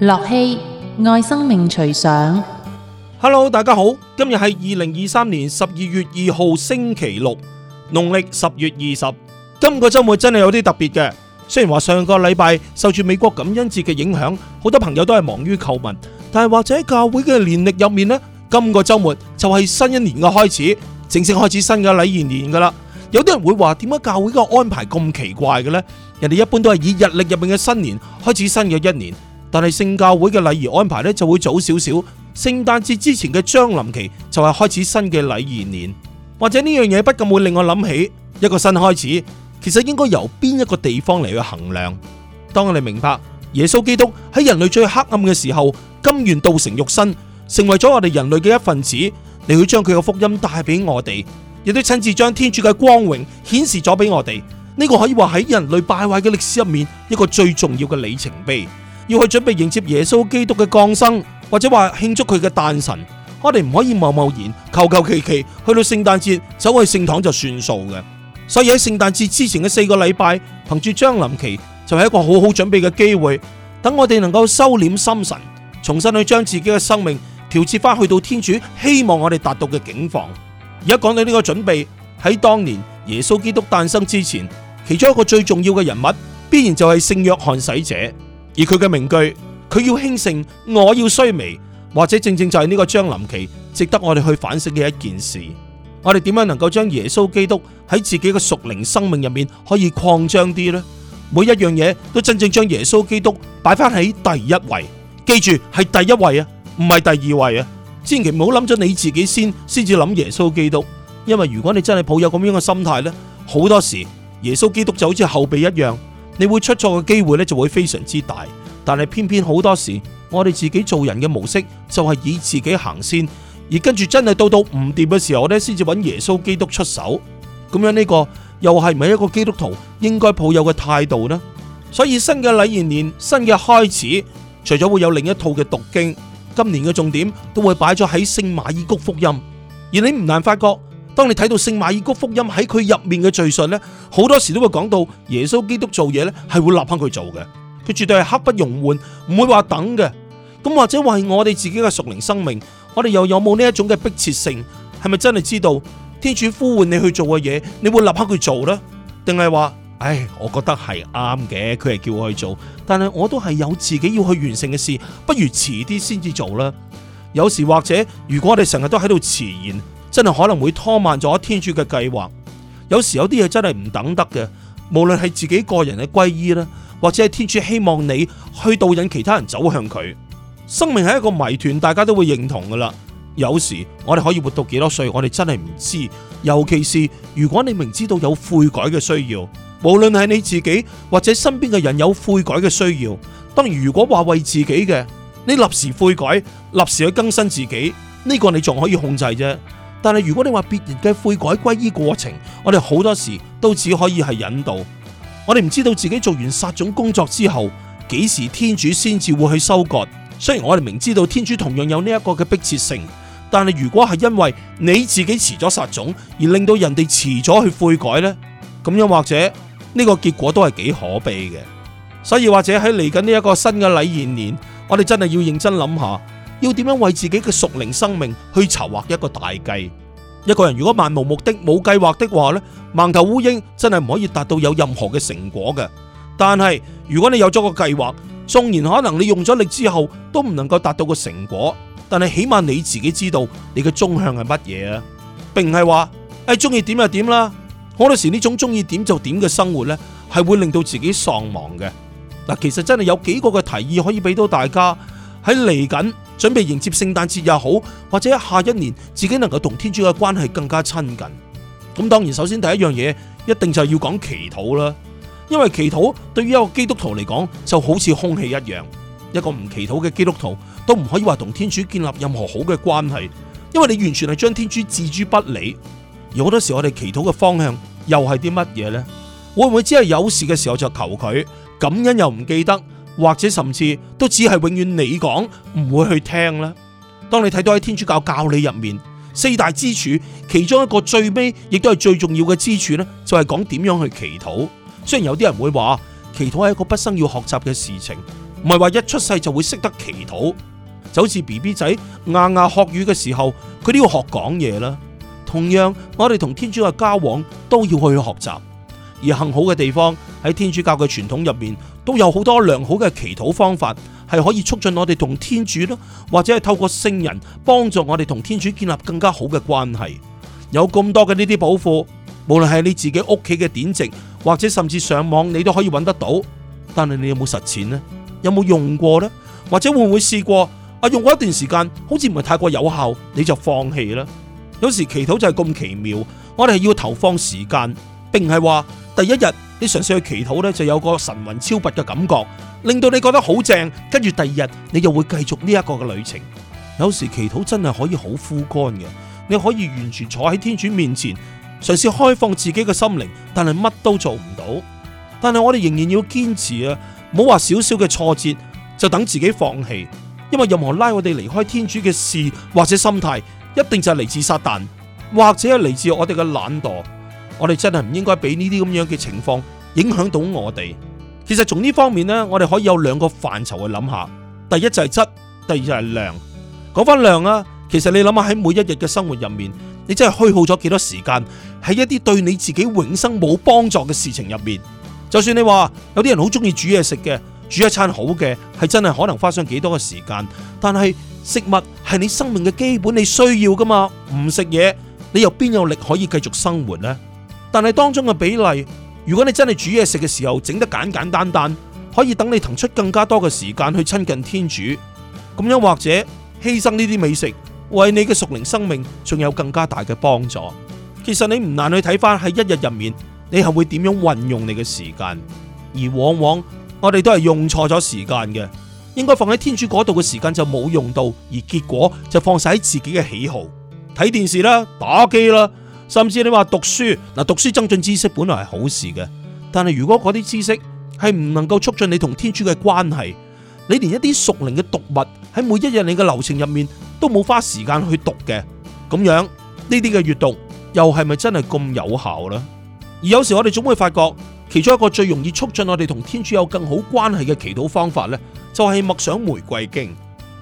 駱曦愛生命隨想，Hello，大家好，今日係二零二三年十二月二號星期六，農曆十月二十。今個周末真係有啲特別嘅。雖然話上個禮拜受住美國感恩節嘅影響，好多朋友都係忙於購物，但係或者喺教會嘅年曆入面呢，今個周末就係新一年嘅開始，正式開始新嘅禮儀年噶啦。有啲人會話點解教會嘅安排咁奇怪嘅呢？人哋一般都係以日曆入面嘅新年開始新嘅一年。但係聖教會嘅禮儀安排呢，就會早少少，聖誕節之前嘅將臨期就係開始新嘅禮儀年，或者呢樣嘢不禁會令我諗起一個新開始，其實應該由邊一個地方嚟，去衡量？當我哋明白耶穌基督喺人類最黑暗嘅時候甘願道成肉身，成為咗我哋人類嘅一份子，嚟去將佢嘅福音帶俾我哋，亦都親自將天主嘅光榮顯示咗俾我哋，呢個可以話喺人類敗壞嘅歷史入面一個最重要嘅里程碑。要去準備迎接耶穌基督嘅降生，或者話慶祝佢嘅誕辰，我哋唔可以貿貿然，求求其其去到聖誕節走去聖堂就算數嘅。所以喺聖誕節之前嘅四個禮拜，憑住將臨期就係、是、一個好好準備嘅機會，等我哋能夠收斂心神，重新去將自己嘅生命調節翻去到天主希望我哋達到嘅境況。而家講到呢個準備喺當年耶穌基督誕生之前，其中一個最重要嘅人物，必然就係聖約翰洗者。而佢嘅名句，佢要興盛，我要衰微，或者正正就係呢個將臨期值得我哋去反省嘅一件事。我哋點樣能夠將耶穌基督喺自己嘅屬靈生命入面可以擴張啲呢？每一樣嘢都真正將耶穌基督擺翻喺第一位，記住係第一位啊，唔係第二位啊。千祈唔好諗咗你自己先，先至諗耶穌基督。因為如果你真係抱有咁樣嘅心態呢，好多時耶穌基督就好似後備一樣。你會出錯嘅機會咧就會非常之大，但係偏偏好多時我哋自己做人嘅模式就係以自己行先，而跟住真係到到唔掂嘅時候，我哋先至揾耶穌基督出手，咁樣呢個又係唔係一個基督徒應該抱有嘅態度呢？所以新嘅禮儀年，新嘅開始，除咗會有另一套嘅讀經，今年嘅重點都會擺咗喺聖馬爾谷福音，而你唔難發覺。當你睇到聖馬爾谷福音，喺佢入面嘅敘述呢，好多時都會講到耶穌基督做嘢呢，係會立刻去做嘅，佢絕對係刻不容緩，唔會話等嘅。咁或者話係我哋自己嘅屬靈生命，我哋又有冇呢一種嘅迫切性？係咪真係知道天主呼喚你去做嘅嘢，你會立刻去做呢？定係話，唉，我覺得係啱嘅，佢係叫我去做，但係我都係有自己要去完成嘅事，不如遲啲先至做啦。有時或者如果我哋成日都喺度遲延。真係可能會拖慢咗天主嘅計劃。有時有啲嘢真係唔等得嘅。無論係自己個人嘅歸依啦，或者係天主希望你去導引其他人走向佢。生命係一個謎團，大家都會認同噶啦。有時我哋可以活到幾多歲，我哋真係唔知。尤其是如果你明知道有悔改嘅需要，無論係你自己或者身邊嘅人有悔改嘅需要。當如果話為自己嘅，你立時悔改，立時去更新自己，呢個你仲可以控制啫。但係如果你話別人嘅悔改歸依過程，我哋好多時都只可以係引導，我哋唔知道自己做完撒種工作之後，幾時天主先至會去收割？雖然我哋明知道天主同樣有呢一個嘅迫切性，但係如果係因為你自己遲咗撒種而令到人哋遲咗去悔改呢，咁樣或者呢個結果都係幾可悲嘅。所以或者喺嚟緊呢一個新嘅禮儀年，我哋真係要認真諗下。要點樣為自己嘅屬靈生命去籌劃一個大計？一個人如果漫無目的，冇計劃的話咧，盲頭烏蠅真係唔可以達到有任何嘅成果嘅。但係如果你有咗個計劃，縱然可能你用咗力之後都唔能夠達到個成果，但係起碼你自己知道你嘅終向係乜嘢啊，並唔係話誒中意點就點啦。好多時呢種中意點就點嘅生活咧，係會令到自己喪亡嘅。嗱，其實真係有幾個嘅提議可以俾到大家。喺嚟緊準備迎接聖誕節也好，或者下一年自己能夠同天主嘅關係更加親近。咁當然，首先第一樣嘢一定就係要講祈禱啦。因為祈禱對於一個基督徒嚟講就好似空氣一樣，一個唔祈禱嘅基督徒都唔可以話同天主建立任何好嘅關係，因為你完全係將天主置諸不理。而好多時我哋祈禱嘅方向又係啲乜嘢呢？會唔會只係有事嘅時候就求佢？感恩又唔記得？或者甚至都只係永遠你講唔會去聽啦。當你睇到喺天主教教理入面，四大支柱，其中一個最尾亦都係最重要嘅支柱咧，就係講點樣去祈禱。雖然有啲人會話祈禱係一個畢生要學習嘅事情，唔係話一出世就會識得祈禱，就好似 B B 仔牙牙學語嘅時候，佢都要學講嘢啦。同樣，我哋同天主教交往都要去學習。而幸好嘅地方喺天主教嘅傳統入面。都有好多良好嘅祈禱方法，係可以促進我哋同天主咯，或者係透過聖人幫助我哋同天主建立更加好嘅關係。有咁多嘅呢啲寶庫，無論係你自己屋企嘅典籍，或者甚至上網，你都可以揾得到。但係你有冇實踐咧？有冇用過咧？或者會唔會試過？啊，用過一段時間，好似唔係太過有效，你就放棄啦。有時祈禱就係咁奇妙，我哋係要投放時間，並係話。第一日你嘗試去祈禱咧，就有個神魂超拔嘅感覺，令到你覺得好正。跟住第二日你又會繼續呢一個嘅旅程。有時祈禱真係可以好枯乾嘅，你可以完全坐喺天主面前嘗試開放自己嘅心靈，但係乜都做唔到。但係我哋仍然要堅持啊，唔好話少少嘅挫折就等自己放棄，因為任何拉我哋離開天主嘅事或者心態，一定就係嚟自撒旦或者係嚟自我哋嘅懶惰。我哋真係唔應該俾呢啲咁樣嘅情況影響到我哋。其實從呢方面呢，我哋可以有兩個範疇去諗下。第一就係質，第二就係量。講翻量啊，其實你諗下喺每一日嘅生活入面，你真係虛耗咗幾多時間喺一啲對你自己永生冇幫助嘅事情入面。就算你話有啲人好中意煮嘢食嘅，煮一餐好嘅係真係可能花上幾多嘅時間。但係食物係你生命嘅基本，你需要噶嘛？唔食嘢，你又邊有力可以繼續生活呢？但係當中嘅比例，如果你真係煮嘢食嘅時候整得簡簡單單，可以等你騰出更加多嘅時間去親近天主，咁樣或者犧牲呢啲美食，為你嘅屬靈生命仲有更加大嘅幫助。其實你唔難去睇翻喺一日入面，你係會點樣運用你嘅時間。而往往我哋都係用錯咗時間嘅，應該放喺天主嗰度嘅時間就冇用到，而結果就放晒喺自己嘅喜好，睇電視啦，打機啦。甚至你話讀書嗱，讀書增進知識本來係好事嘅，但係如果嗰啲知識係唔能夠促進你同天主嘅關係，你連一啲屬靈嘅讀物喺每一日你嘅流程入面都冇花時間去讀嘅，咁樣呢啲嘅閱讀又係咪真係咁有效呢？而有時我哋總會發覺，其中一個最容易促進我哋同天主有更好關係嘅祈禱方法呢，就係、是、默想玫瑰經。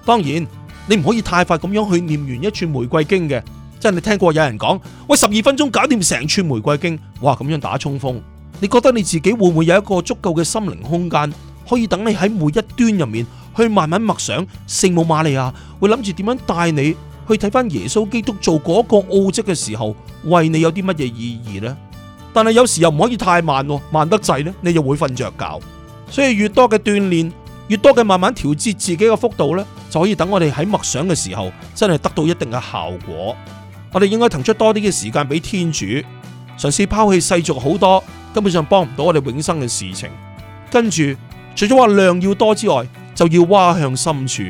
當然，你唔可以太快咁樣去念完一串玫瑰經嘅。真係你聽過有人講，喂，十二分鐘搞掂成串玫瑰經，哇咁樣打衝鋒，你覺得你自己會唔會有一個足夠嘅心靈空間，可以等你喺每一端入面去慢慢默想聖母瑪利亞會諗住點樣帶你去睇翻耶穌基督做嗰個奧跡嘅時候，為你有啲乜嘢意義呢？但係有時又唔可以太慢，慢得滯呢，你就會瞓着覺。所以越多嘅鍛煉，越多嘅慢慢調節自己嘅幅度呢，就可以等我哋喺默想嘅時候，真係得到一定嘅效果。我哋應該騰出多啲嘅時間俾天主，嘗試拋棄世俗好多根本上幫唔到我哋永生嘅事情。跟住除咗話量要多之外，就要挖向深處。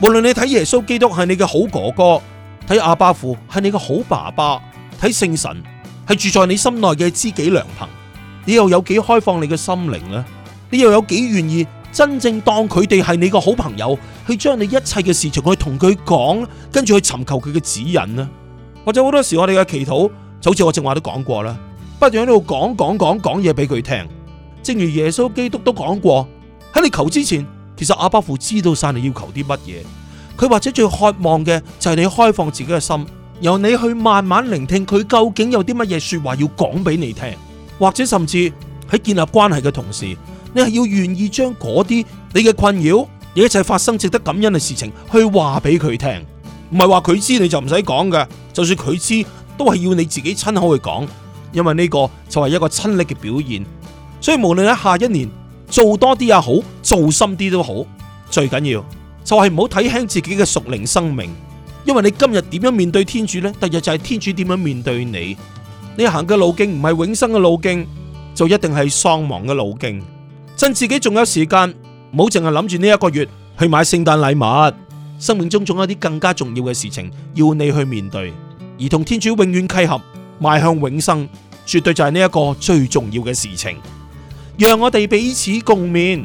無論你睇耶穌基督係你嘅好哥哥，睇阿巴父係你嘅好爸爸，睇聖神係住在你心內嘅知己良朋，你又有幾開放你嘅心靈呢？你又有幾願意真正當佢哋係你嘅好朋友，去將你一切嘅事情去同佢講，跟住去尋求佢嘅指引呢？或者好多時我哋嘅祈禱就好似我正話都講過啦，不斷喺度講講講講嘢俾佢聽。正如耶穌基督都講過，喺你求之前，其實阿爸父知道晒你要求啲乜嘢。佢或者最渴望嘅就係你開放自己嘅心，由你去慢慢聆聽佢究竟有啲乜嘢說話要講俾你聽。或者甚至喺建立關係嘅同時，你係要願意將嗰啲你嘅困擾，而一切發生值得感恩嘅事情，去話俾佢聽。唔係話佢知你就唔使講嘅，就算佢知都係要你自己親口去講，因為呢個就係一個親歷嘅表現。所以無論喺下一年做多啲也好，做深啲都好，最緊要就係唔好睇輕自己嘅屬靈生命，因為你今日點樣面對天主呢？第日就係天主點樣面對你。你行嘅路徑唔係永生嘅路徑，就一定係喪亡嘅路徑。趁自己仲有時間，唔好淨係諗住呢一個月去買聖誕禮物。生命中總有一啲更加重要嘅事情要你去面對，而同天主永遠契合、邁向永生，絕對就係呢一個最重要嘅事情。讓我哋彼此共勉。